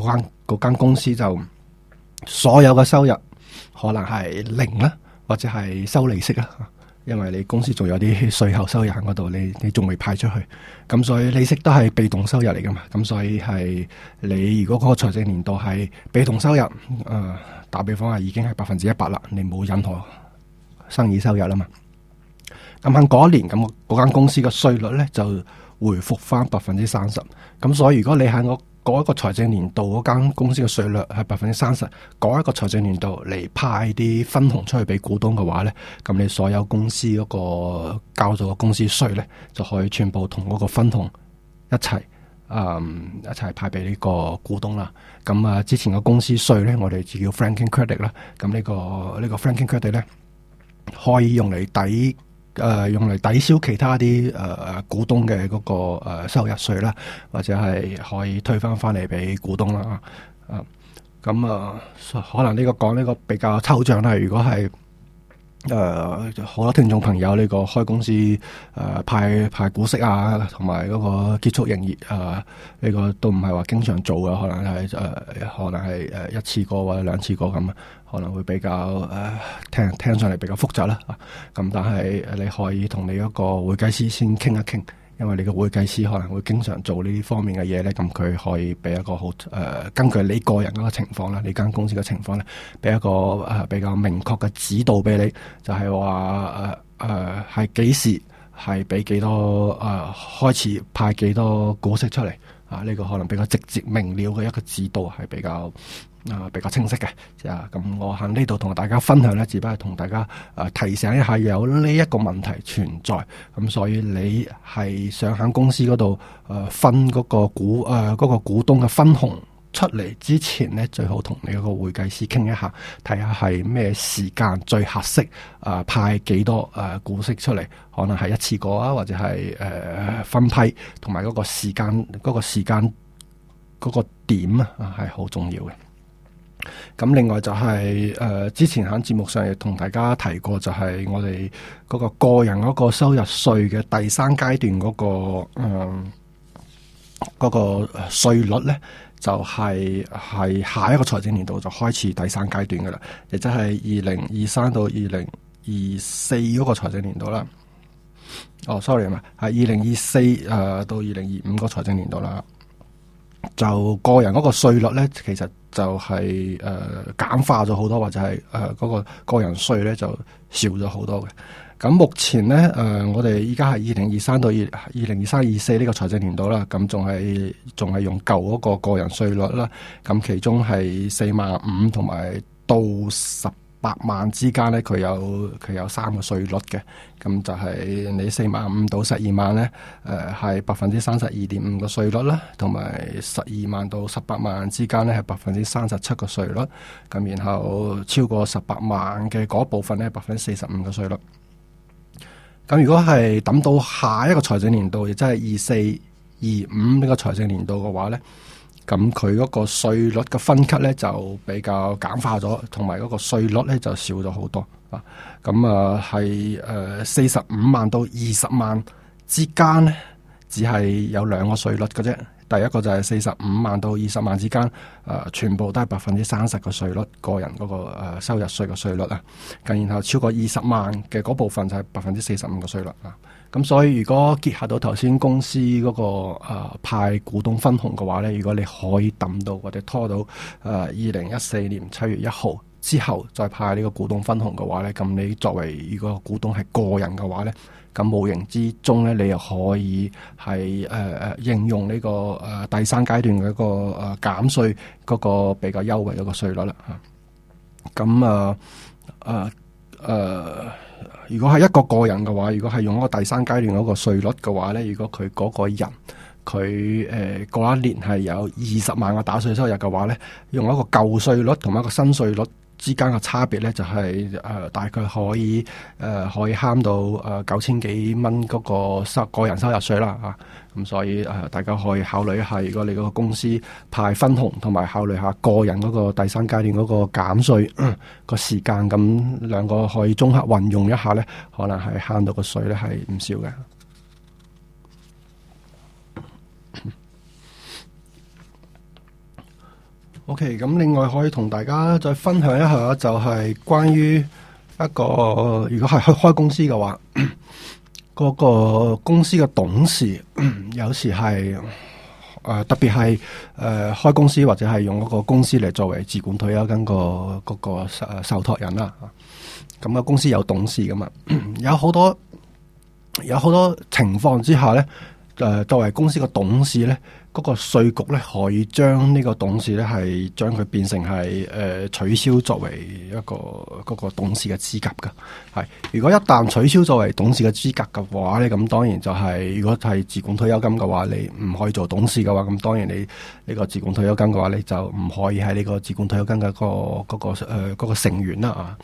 嗰間間公司就所有嘅收入可能係零啦，或者係收利息啦。因為你公司仲有啲稅後收入喺嗰度，你你仲未派出去，咁所以利息都係被動收入嚟噶嘛，咁所以係你如果嗰個財政年度係被動收入，誒、呃、打比方啊，已經係百分之一百啦，你冇任何生意收入啦嘛，咁喺嗰一年，咁我間公司嘅稅率咧就回復翻百分之三十，咁所以如果你喺我。改一個財政年度嗰間公司嘅稅率係百分之三十，改一個財政年度嚟派啲分紅出去俾股東嘅話咧，咁你所有公司嗰、嗰個交咗嘅公司稅咧，就可以全部同嗰個分紅一齊，嗯，一齊派俾呢個股東啦。咁啊，之前嘅公司稅咧，我哋就叫 franking credit 啦、呢個。咁、呢、呢個呢個 franking credit 咧，可以用嚟抵。誒、呃、用嚟抵消其他啲誒誒股東嘅嗰、那個、呃、收入稅啦，或者係可以退翻翻嚟俾股東啦。啊、呃，咁、嗯、啊、呃，可能呢個講呢個比較抽象啦。如果係誒好多聽眾朋友呢個開公司誒、呃、派派股息啊，同埋嗰個結束營業啊，呢、呃這個都唔係話經常做嘅，可能係誒、呃、可能係誒一次過或者兩次過咁啊。可能會比較誒、呃、聽，聽上嚟比較複雜啦咁、啊、但係你可以同你一個會計師先傾一傾，因為你個會計師可能會經常做呢啲方面嘅嘢呢，咁佢、嗯、可以俾一個好誒、呃、根據你個人嗰個情況啦，你間公司嘅情況呢，俾一個、呃、比較明確嘅指導俾你，就係話誒誒係幾時係俾幾多誒、呃、開始派幾多股息出嚟啊？呢、呢個可能比較直接明了嘅一個指導係比較。啊、呃，比較清晰嘅啊，咁、嗯、我喺呢度同大家分享呢，只不過同大家啊、呃、提醒一下，有呢一個問題存在，咁、嗯，所以你係上響公司嗰度誒分嗰個股誒嗰、呃那個股東嘅分紅出嚟之前呢，最好同你個會計師傾一下，睇下係咩時間最合適啊、呃，派幾多誒、呃、股息出嚟，可能係一次過啊，或者係誒、呃、分批，同埋嗰個時間嗰、那個時間、那個、點啊，係好重要嘅。咁另外就係、是、誒、呃，之前喺節目上亦同大家提過，就係我哋嗰個個人嗰個收入稅嘅第三階段嗰、那個誒，呃那個稅率咧，就係、是、係下一個財政年度就開始第三階段噶啦，亦即係二零二三到二零二四嗰個財政年度啦。哦，sorry 啊嘛、呃，係二零二四誒到二零二五個財政年度啦，就個人嗰個稅率咧，其實。就係、是、誒、呃、簡化咗好多，或者係誒嗰個個人稅咧就少咗好多嘅。咁目前呢，誒、呃，我哋依家係二零二三到二二零二三二四呢個財政年度啦，咁仲係仲係用舊嗰個個人稅率啦。咁其中係四萬五同埋到十百萬之間呢佢有佢有三個稅率嘅，咁就係你四萬五到十二萬呢，誒係百分之三十二點五嘅稅率啦，同埋十二萬到十八萬之間呢係百分之三十七嘅稅率，咁然後超過十八萬嘅嗰部分呢係百分之四十五嘅稅率。咁如果係等到下一個財政年度，亦即係二四二五呢個財政年度嘅話呢。咁佢嗰個稅率嘅分級呢，就比較簡化咗，同埋嗰個稅率呢，就少咗好多啊！咁啊係誒四十五萬到二十萬之間呢，只係有兩個稅率嘅啫。第一個就係四十五萬到二十萬之間、啊，全部都係百分之三十嘅稅率，個人嗰、個、呃、收入稅嘅稅率啊。咁然後超過二十萬嘅嗰部分就係百分之四十五嘅稅率啊。咁所以如果結合到頭先公司嗰、嗰個、呃、派股東分紅嘅話咧，如果你可以等到或者拖到誒二零一四年七月一號之後再派呢個股東分紅嘅話咧，咁你作為如果股東係個人嘅話咧，咁無形之中咧，你又可以係應用呢個、呃、第三階段嘅一個減稅嗰個比較優惠嗰個稅率啦嚇咁啊,啊、呃如果係一個個人嘅話，如果係用一個第三階段嗰個稅率嘅話呢，如果佢嗰個人佢誒過一年係有二十萬嘅打稅收入嘅話呢，用一個舊稅率同一個新稅率之間嘅差別呢就係、誒、大概可以、呃、可以慳到誒、九千幾蚊嗰個收個人收入稅啦吓。咁所以誒，大家可以考慮下，如果你嗰個公司派分紅，同埋考慮下個人嗰個第三階段嗰個減稅個時間，咁兩個可以綜合運用一下，呢可能係慳到個稅，呢係唔少嘅。OK，咁另外可以同大家再分享一下，就係關於一個如果係去開公司嘅話。嗰個公司嘅董事有時係誒、呃、特別係誒開公司或者係用嗰個公司嚟作為自管退休金跟個嗰、啊、受託人啦。咁、啊、嘅、這個、公司有董事㗎嘛？有好多有好多情況之下咧，誒、呃、作為公司嘅董事咧。嗰個稅局咧，可以將呢個董事咧，係將佢變成係誒取消作為一個嗰個董事嘅資格噶。係如果一旦取消作為董事嘅資格嘅話咧，咁當然就係如果係自管退休金嘅話，你唔可以做董事嘅話，咁當然你呢個自管退休金嘅話，你就唔可以喺呢個自管退休金嘅嗰個嗰個呃嗰個成員啦啊。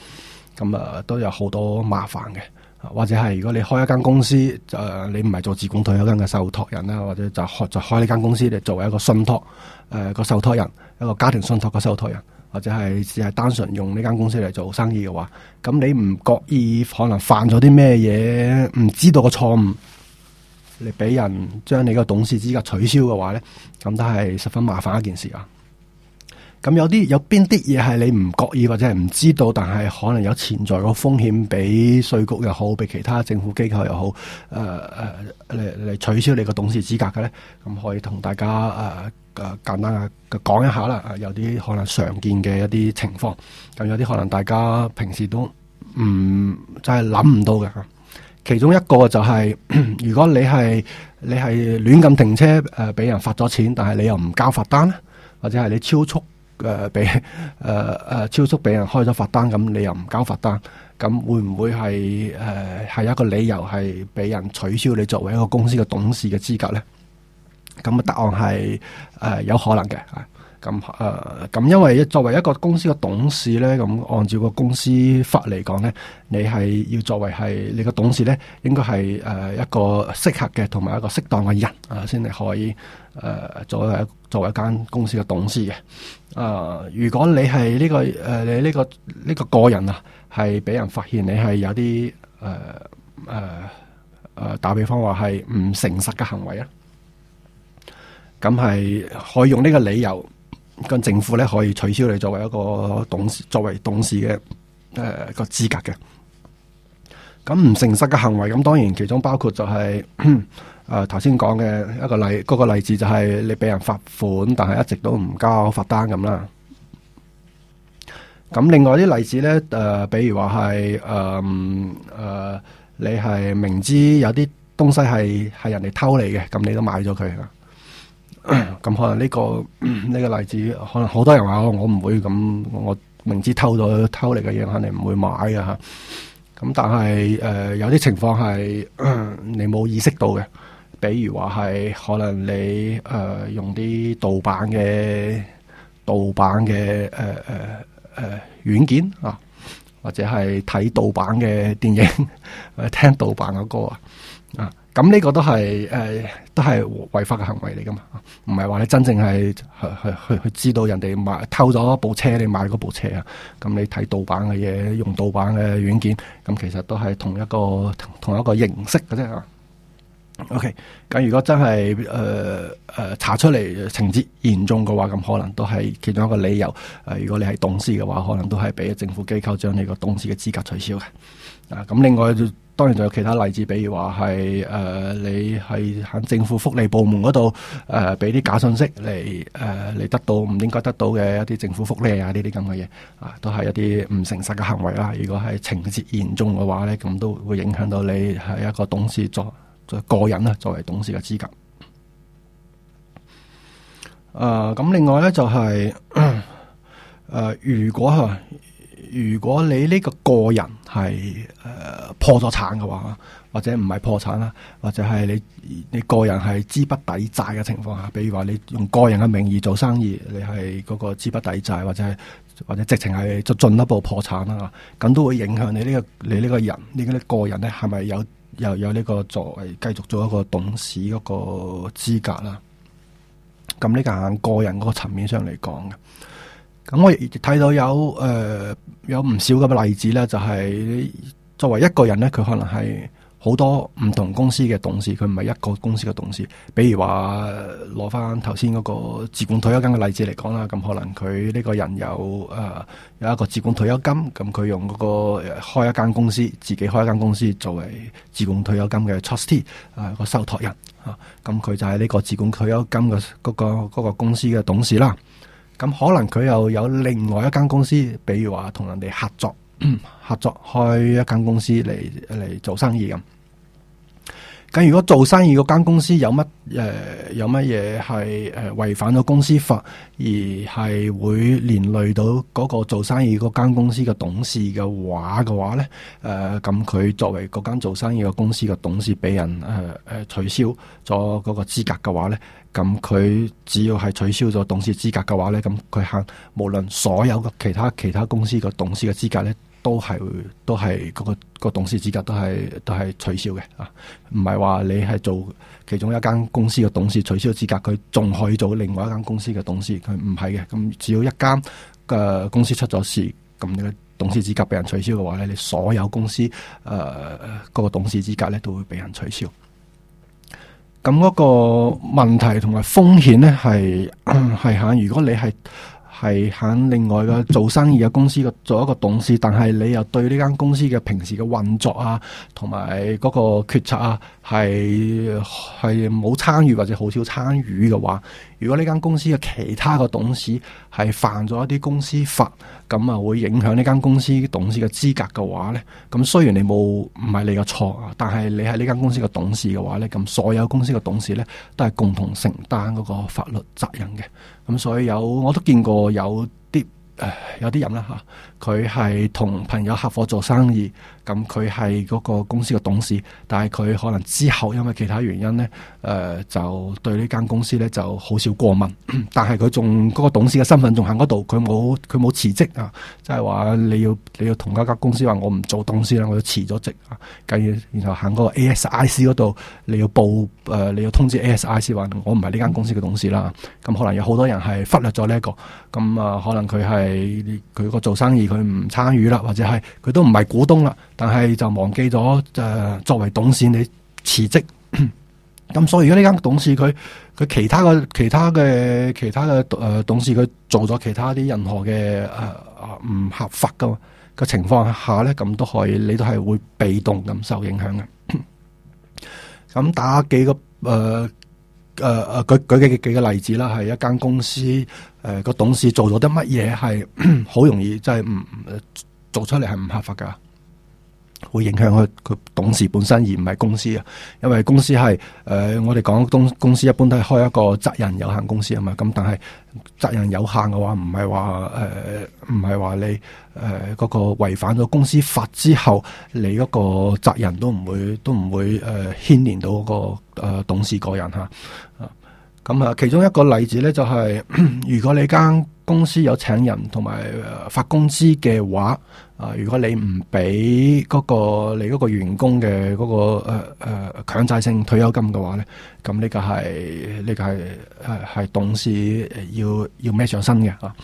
咁啊都有好多麻煩嘅。或者係如果你開一間公司，誒，你唔係做自管退休間嘅受託人啦，或者就開就開呢間公司嚟作為一個信託，誒，個受託人，一個家庭信託嘅受託人，或者係只係單純用呢間公司嚟做生意嘅話，咁你唔覺意可能犯咗啲咩嘢唔知道嘅錯誤，你俾人將你個董事資格取消嘅話咧，咁都係十分麻煩一件事啊！咁有啲有邊啲嘢，係你唔覺意或者係唔知道，但係可能有潛在嘅風險，俾稅局又好，俾其他政府機構又好，誒誒嚟嚟，取消你個董事資格嘅咧。咁可以同大家誒誒、呃呃、簡單啊講一下啦。有啲可能常見嘅一啲情況，咁有啲可能大家平時都唔真係諗唔到嘅。其中一個就係、是、如果你係你係亂咁停車誒，俾、呃、人罰咗錢，但係你又唔交罰單呢，或者係你超速。誒、呃，俾誒誒超速俾人開咗罰單，咁你又唔交罰單，咁會唔會係誒係一個理由係俾人取消你作為一個公司嘅董事嘅資格呢？咁答案係誒、呃、有可能嘅吓，咁誒咁因為作為一個公司嘅董事呢，咁按照個公司法嚟講呢，你係要作為係你嘅董事呢，應該係誒一個適合嘅同埋一個適當嘅人啊，先係可以誒、呃、作為一。作為一間公司嘅董事嘅，啊、呃，如果你係呢、這個誒、呃，你呢、這個呢、這個個人啊，係俾人發現你係有啲誒誒誒，打比方話係唔誠實嘅行為咧，咁係可以用呢個理由，跟政府咧可以取消你作為一個董事，作為董事嘅誒、呃、個資格嘅。咁唔誠實嘅行為，咁當然其中包括就係、是。誒，頭先講嘅一個例，嗰個例子就係你俾人罰款，但係一直都唔交罰單咁啦。咁另外啲例子咧？誒，比如話係誒誒，你係明知有啲東西係係人哋偷嚟嘅，咁你都買咗佢啊。咁可能呢個呢個例子，可能好多人話我我唔會咁，我明知偷咗偷嚟嘅嘢，肯定唔會買噶吓。咁但係誒，有啲情況係你冇意識到嘅。比如話係可能你誒、呃、用啲盜版嘅盜版嘅誒誒誒軟件啊，或者係睇盜版嘅電影，聽盜版嘅歌啊，啊咁呢個都係誒、呃、都係違法嘅行為嚟㗎嘛，唔係話你真正係去去去去知道人哋買偷咗部車，你買嗰部車啊，咁你睇盜版嘅嘢，用盜版嘅軟件，咁其實都係同一個同一個形式㗎啫啊！OK，咁如果真係誒誒查出嚟情節嚴重嘅話，咁可能都係其中一個理由。誒、呃，如果你係董事嘅話，可能都係俾政府機構將你個董事嘅資格取消嘅。啊，咁另外當然仲有其他例子，比如話係誒你係喺政府福利部門嗰度誒俾啲假信息，嚟誒嚟得到唔應該得到嘅一啲政府福利啊，呢啲咁嘅嘢，啊都係一啲唔誠實嘅行為啦。如果係情節嚴重嘅話咧，咁都會影響到你係一個董事作個人啊，作為董事嘅資格。誒、呃，咁另外咧就係、是、誒、呃，如果如果你呢個個人係誒、呃、破咗產嘅話，或者唔係破產啦，或者係你你個人係資不抵債嘅情況下，比如話你用個人嘅名義做生意，你係嗰個資不抵債，或者係或者直情係就進一步破產啦吓，咁都會影響你呢、呢個你呢個人呢個呢個人咧係咪有？又有呢個作為繼續做一個董事嗰個資格啦，咁呢個係個人嗰個層面上嚟講嘅。咁我亦睇到有誒、呃、有唔少咁嘅例子咧，就係、是、作為一個人咧，佢可能係，好多唔同公司嘅董事，佢唔係一個公司嘅董事。比如話攞翻頭先嗰個自管退休金嘅例子嚟講啦，咁可能佢呢個人有誒、呃、有一個自管退休金，咁佢用嗰個開一間公司，自己開一間公司作為自管退休金嘅 trustee 啊、呃、個受託人啊，咁佢就係呢個自管退休金嘅嗰個、嗰個、嗰個公司嘅董事啦。咁可能佢又有另外一間公司，比如話同人哋合作。 合作開一間公司嚟嚟做生意咁，咁如果做生意嗰間公司有乜誒、呃、有乜嘢係誒違反咗公司法，而係會連累到嗰個做生意嗰間公司嘅董事嘅話嘅話咧，誒咁佢作為嗰間做生意嘅公司嘅董事俾人誒誒、呃、取消咗嗰個資格嘅話咧，咁佢只要係取消咗董事資格嘅話咧，咁佢肯無論所有嘅其他其他公司嘅董事嘅資格咧。都係都係嗰個個董事資格都係都係取消嘅啊！唔係話你係做其中一間公司嘅董事取消資格，佢仲可以做另外一間公司嘅董事，佢唔係嘅。咁只要一間嘅、呃、公司出咗事，咁你嘅董事資格俾人取消嘅話咧，你所有公司誒、呃、個董事資格咧都會俾人取消。咁嗰個問題同埋風險咧，係係吓，如果你係。係喺另外嘅做生意嘅公司嘅做一個董事，但係你又對呢間公司嘅平時嘅運作啊，同埋嗰個決策啊，係係冇參與或者好少參與嘅話，如果呢間公司嘅其他嘅董事係犯咗一啲公司法，咁啊會影響呢間公司董事嘅資格嘅話呢，咁雖然你冇唔係你嘅錯啊，但係你係呢間公司嘅董事嘅話呢，咁所有公司嘅董事呢，都係共同承擔嗰個法律責任嘅。咁所以有我都見過。有。誒、uh，有啲人啦吓，佢係同朋友合夥做生意，咁佢係嗰個公司嘅董事，但係佢可能之後因為其他原因呢，誒、啊、就對呢間公司呢就好少過問，但係佢仲嗰個董事嘅身份仲喺嗰度，佢冇佢冇辭職啊，即係話你要你要同嗰間公司話我唔做董事啦，我要辭咗職啊，跟住然後行嗰個 ASIC 嗰度你要報誒、啊、你要通知 ASIC 話我唔係呢間公司嘅董事啦，咁、啊、可能有好多人係忽略咗呢一個，咁啊可能佢係。你佢個做生意佢唔參與啦，或者係佢都唔係股東啦，但係就忘記咗誒、呃，作為董事你辭職，咁 所以而家呢間董事佢佢其他嘅其他嘅其他嘅誒、呃、董事佢做咗其他啲任何嘅誒唔合法㗎嘛嘅情況下呢，咁都可以你都係會被動咁受影響嘅，咁 打幾個誒。呃誒、呃、誒，舉舉幾幾個例子啦，係一間公司誒個、呃、董事做咗啲乜嘢係好容易，即係唔做出嚟係唔合法㗎。會影響佢佢董事本身，而唔係公司啊。因為公司係誒、呃，我哋講公公司一般都係開一個責任有限公司啊嘛。咁但係責任有限嘅話，唔係話誒，唔係話你誒嗰、呃嗰個違反咗公司法之後，你嗰個責任都唔會，都唔會誒、呃、牽連到、嗰個誒、呃、董事個人吓。啊咁啊，其中一個例子咧、就係，就係如果你間公司有請人同埋發工資嘅話，啊，如果你唔俾嗰個你嗰個員工嘅嗰、嗰個誒誒強制性退休金嘅話咧，咁呢個係呢、呢個係誒係董事要要孭上身嘅啊。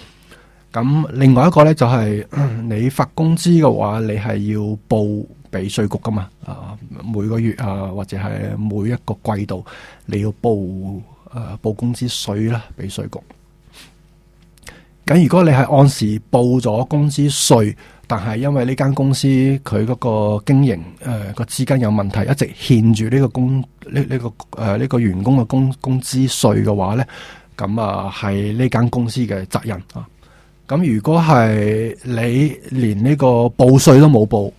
咁另外一個咧就係、係嗯、你發工資嘅話，你係要報俾稅局噶嘛啊，每個月啊，或者係每一個季度你要報。誒、啊，報工資稅啦，俾稅局。咁如果你係按時報咗工資稅，但係因為呢間公司佢嗰個經營誒個資金有問題，一直欠住呢個工呢呢、這個誒呢、這個呃這個員工嘅工工資稅嘅話咧，咁啊係呢間公司嘅責任啊。咁如果係你連呢個報稅都冇報，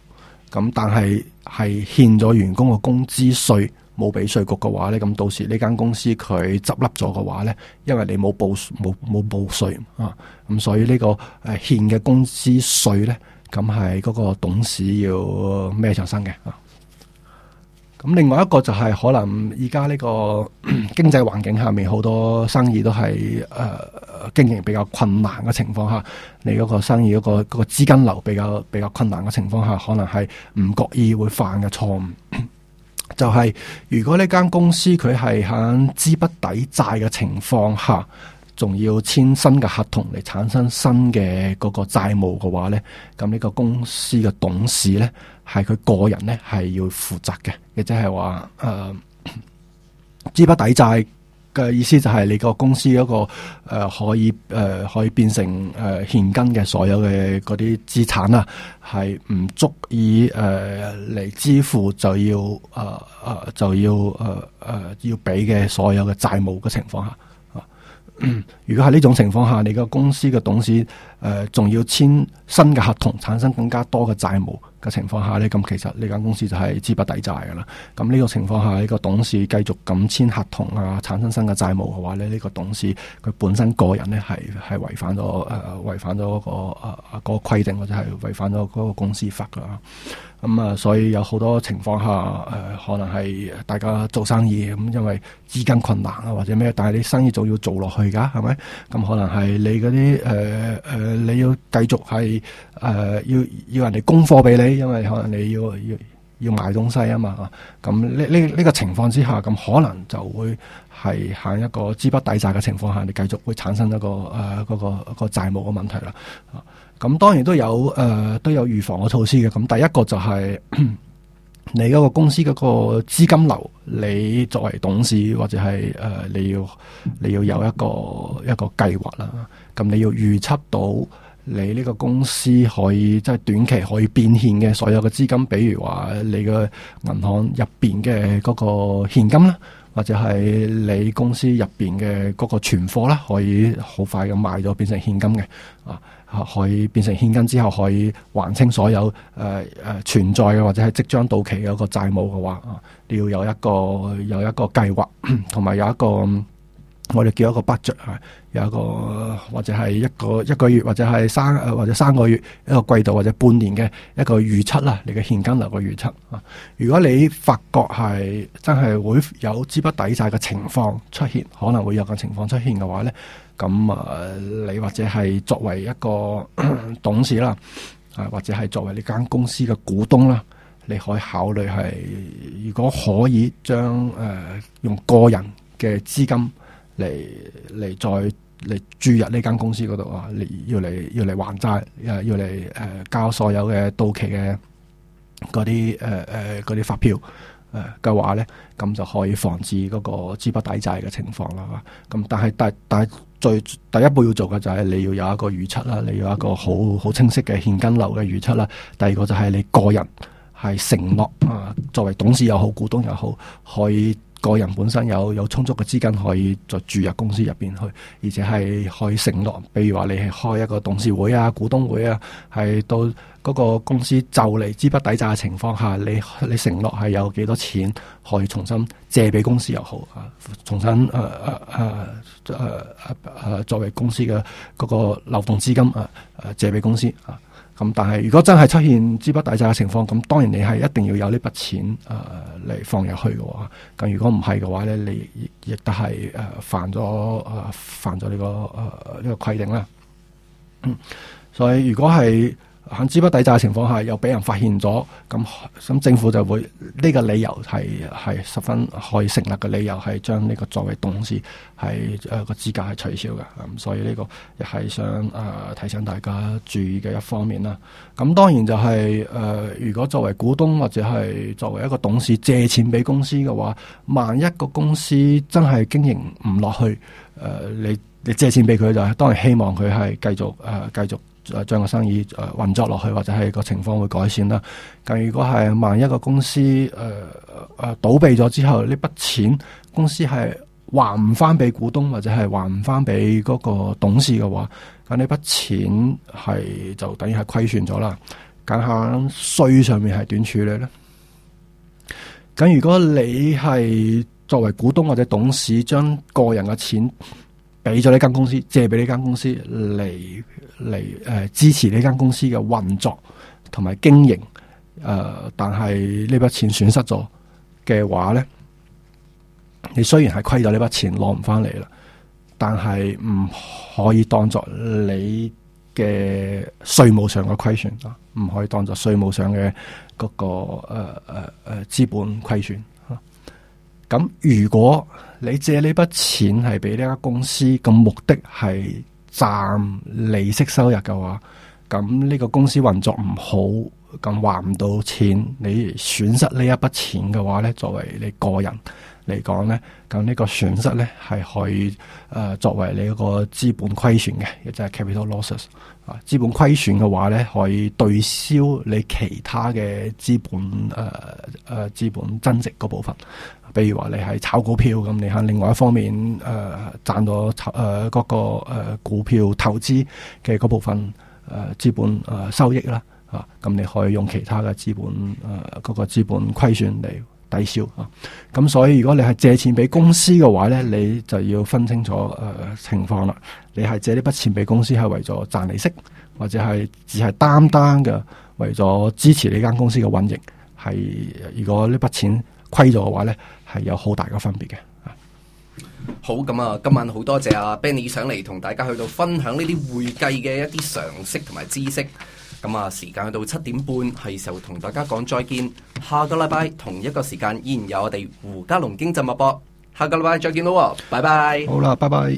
咁但係係欠咗員工嘅工資稅。冇俾稅局嘅話呢，咁到時呢間公司佢執笠咗嘅話呢，因為你冇報冇冇報稅啊，咁所以呢、呢個誒欠嘅工資稅呢，咁係嗰個董事要孭上身嘅啊？咁另外一個就係可能而家呢個經濟環境下面好多生意都係誒、呃、經營比較困難嘅情況下，你嗰個生意嗰、嗰個嗰、嗰個資金流比較比較困難嘅情況下，可能係唔覺意會犯嘅錯誤。就係、是、如果呢間公司佢係喺資不抵債嘅情況下，仲要簽新嘅合同嚟產生新嘅嗰個債務嘅話咧，咁呢個公司嘅董事咧，係佢個人咧係要負責嘅，亦即係話誒資不抵債。嘅意思就係你個公司一個誒、呃、可以誒、呃、可以變成誒、呃、現金嘅所有嘅嗰啲資產啊，係唔足以誒嚟、呃、支付就要誒誒、呃、就要誒誒、呃、要俾嘅所有嘅債務嘅情況下啊。嗯、如果喺呢種情況下，你個公司嘅董事誒仲、呃、要簽新嘅合同，產生更加多嘅債務嘅情況下呢，咁其實呢間公司就係資不抵債噶啦。咁、這、呢個情況下，呢、這個董事繼續咁簽合同啊，產生新嘅債務嘅話咧，呢、這個董事佢本身個人呢係係違反咗誒，違反咗、那個誒、啊嗰個規定，或者係違反咗嗰個公司法噶。咁、嗯、啊，所以有好多情況下，誒、呃，可能係大家做生意咁，因為資金困難啊，或者咩，但係你生意仲要做落去噶，係咪？咁可能係你嗰啲誒誒，你要繼續係誒、呃，要要人哋供貨俾你，因為可能你要要要買東西啊嘛。咁呢呢呢個情況之下，咁可能就會係行一個資不抵債嘅情況下，你繼續會產生一個誒嗰、呃那個、那個債務嘅問題啦。啊。咁當然都有誒、呃，都有預防嘅措施嘅。咁第一個就係、是、你嗰個公司嗰個資金流，你作為董事或者係誒、呃，你要你要有一個一個計劃啦。咁你要預測到你呢個公司可以即係、就是、短期可以變現嘅所有嘅資金，比如話你嘅銀行入邊嘅嗰個現金啦，或者係你公司入邊嘅嗰個存貨啦，可以好快咁賣咗變成現金嘅啊。可以變成現金之後，可以還清所有誒誒、呃呃、存在嘅或者係即將到期嘅一個債務嘅話、啊，你要有一個有一個計劃，同埋有一個我哋叫一個 budget 啊，有一個或者係一個一個月或者係三或者三個月一個季度或者半年嘅一個預測啦、啊，你嘅現金流嘅預測啊。如果你發覺係真係會有資不抵債嘅情況出現，可能會有個情況出現嘅話咧。咁啊，你或者係作為一個 董事啦，啊，或者係作為呢間公司嘅股東啦，你可以考慮係，如果可以將誒、呃、用個人嘅資金嚟嚟再嚟注入呢間公司嗰度啊，你要嚟要嚟還債誒要嚟誒、呃、交所有嘅到期嘅嗰啲誒誒嗰啲發票誒嘅話咧，咁就可以防止嗰個資不抵債嘅情況啦。吓咁但係但但。但最第一步要做嘅就係你要有一個預測啦，你要一個好好清晰嘅現金流嘅預測啦。第二個就係你個人係承諾啊，作為董事又好，股東又好，可以個人本身有有充足嘅資金可以再注入公司入邊去，而且係可以承諾，比如話你係開一個董事會啊、股東會啊，係到。嗰個公司就嚟資不抵債嘅情況下，你你承諾係有幾多錢可以重新借俾公司又好啊，重新誒誒誒誒誒作為公司嘅嗰個流動資金啊，借俾公司啊。咁但係如果真係出現資不抵債嘅情況，咁當然你係一定要有呢筆錢誒嚟放入去嘅。咁如果唔係嘅話咧，你亦都係誒犯咗誒犯咗呢個誒呢個規定啦。所以如果係喺資不抵債嘅情況下，又俾人發現咗，咁咁政府就會呢、這個理由係係十分可以成立嘅理由，係將呢個作為董事係誒個資格係取消嘅。咁所以呢個亦係想誒、呃、提醒大家注意嘅一方面啦。咁當然就係、是、誒、呃，如果作為股東或者係作為一個董事借錢俾公司嘅話，萬一個公司真係經營唔落去，誒、呃、你你借錢俾佢就係當然希望佢係繼續誒繼續。呃誒，將個生意誒運作落去，或者係個情況會改善啦。咁如果係萬一個公司誒誒、呃呃、倒閉咗之後，呢筆錢公司係還唔翻俾股東，或者係還唔翻俾嗰個董事嘅話，咁呢筆錢係就等於係虧損咗啦。講下稅上面係點處理咧？咁如果你係作為股東或者董事，將個人嘅錢。俾咗呢間公司，借俾呢間公司嚟，嚟誒支持呢間公司嘅運作同埋經營誒、呃，但係呢筆錢損失咗嘅話咧，你雖然係虧咗呢筆錢攞唔翻嚟啦，但係唔可以當作你嘅稅務上嘅虧損啦，唔可以當作稅務上嘅嗰、嗰個誒誒誒資本虧損。咁如果你借呢筆錢係俾呢間公司，咁目的係賺利息收入嘅話，咁呢個公司運作唔好，咁還唔到錢，你損失這筆呢一筆錢嘅話咧，作為你個人嚟講咧，咁呢個損失咧係可以誒作為你一個資本虧損嘅，亦即係 capital losses 啊，資本虧損嘅話咧，可以對消你其他嘅資本誒誒資本增值嗰部分。比如話你係炒股票咁，你喺另外一方面誒賺咗誒嗰個誒、呃、股票投資嘅部分誒資、呃、本誒、呃、收益啦，啊咁你可以用其他嘅資本誒嗰、呃、個資本虧損嚟抵消啊。咁所以如果你係借錢俾公司嘅話咧，你就要分清楚誒、呃、情況啦。你係借呢筆錢俾公司係為咗賺利息，或者係只係單單嘅為咗支持呢間公司嘅運營。係如果這筆虧了的呢筆錢虧咗嘅話咧，係有好大個分別嘅。好咁啊，今晚好多謝阿、啊、Benny 上嚟同大家去到分享呢啲會計嘅一啲常識同埋知識。咁啊，時間去到七點半係時候同大家講再見。下個禮拜同一個時間依然有我哋胡嘉龍經濟脈搏。下個禮拜再見咯喎，拜拜。好啦，拜拜。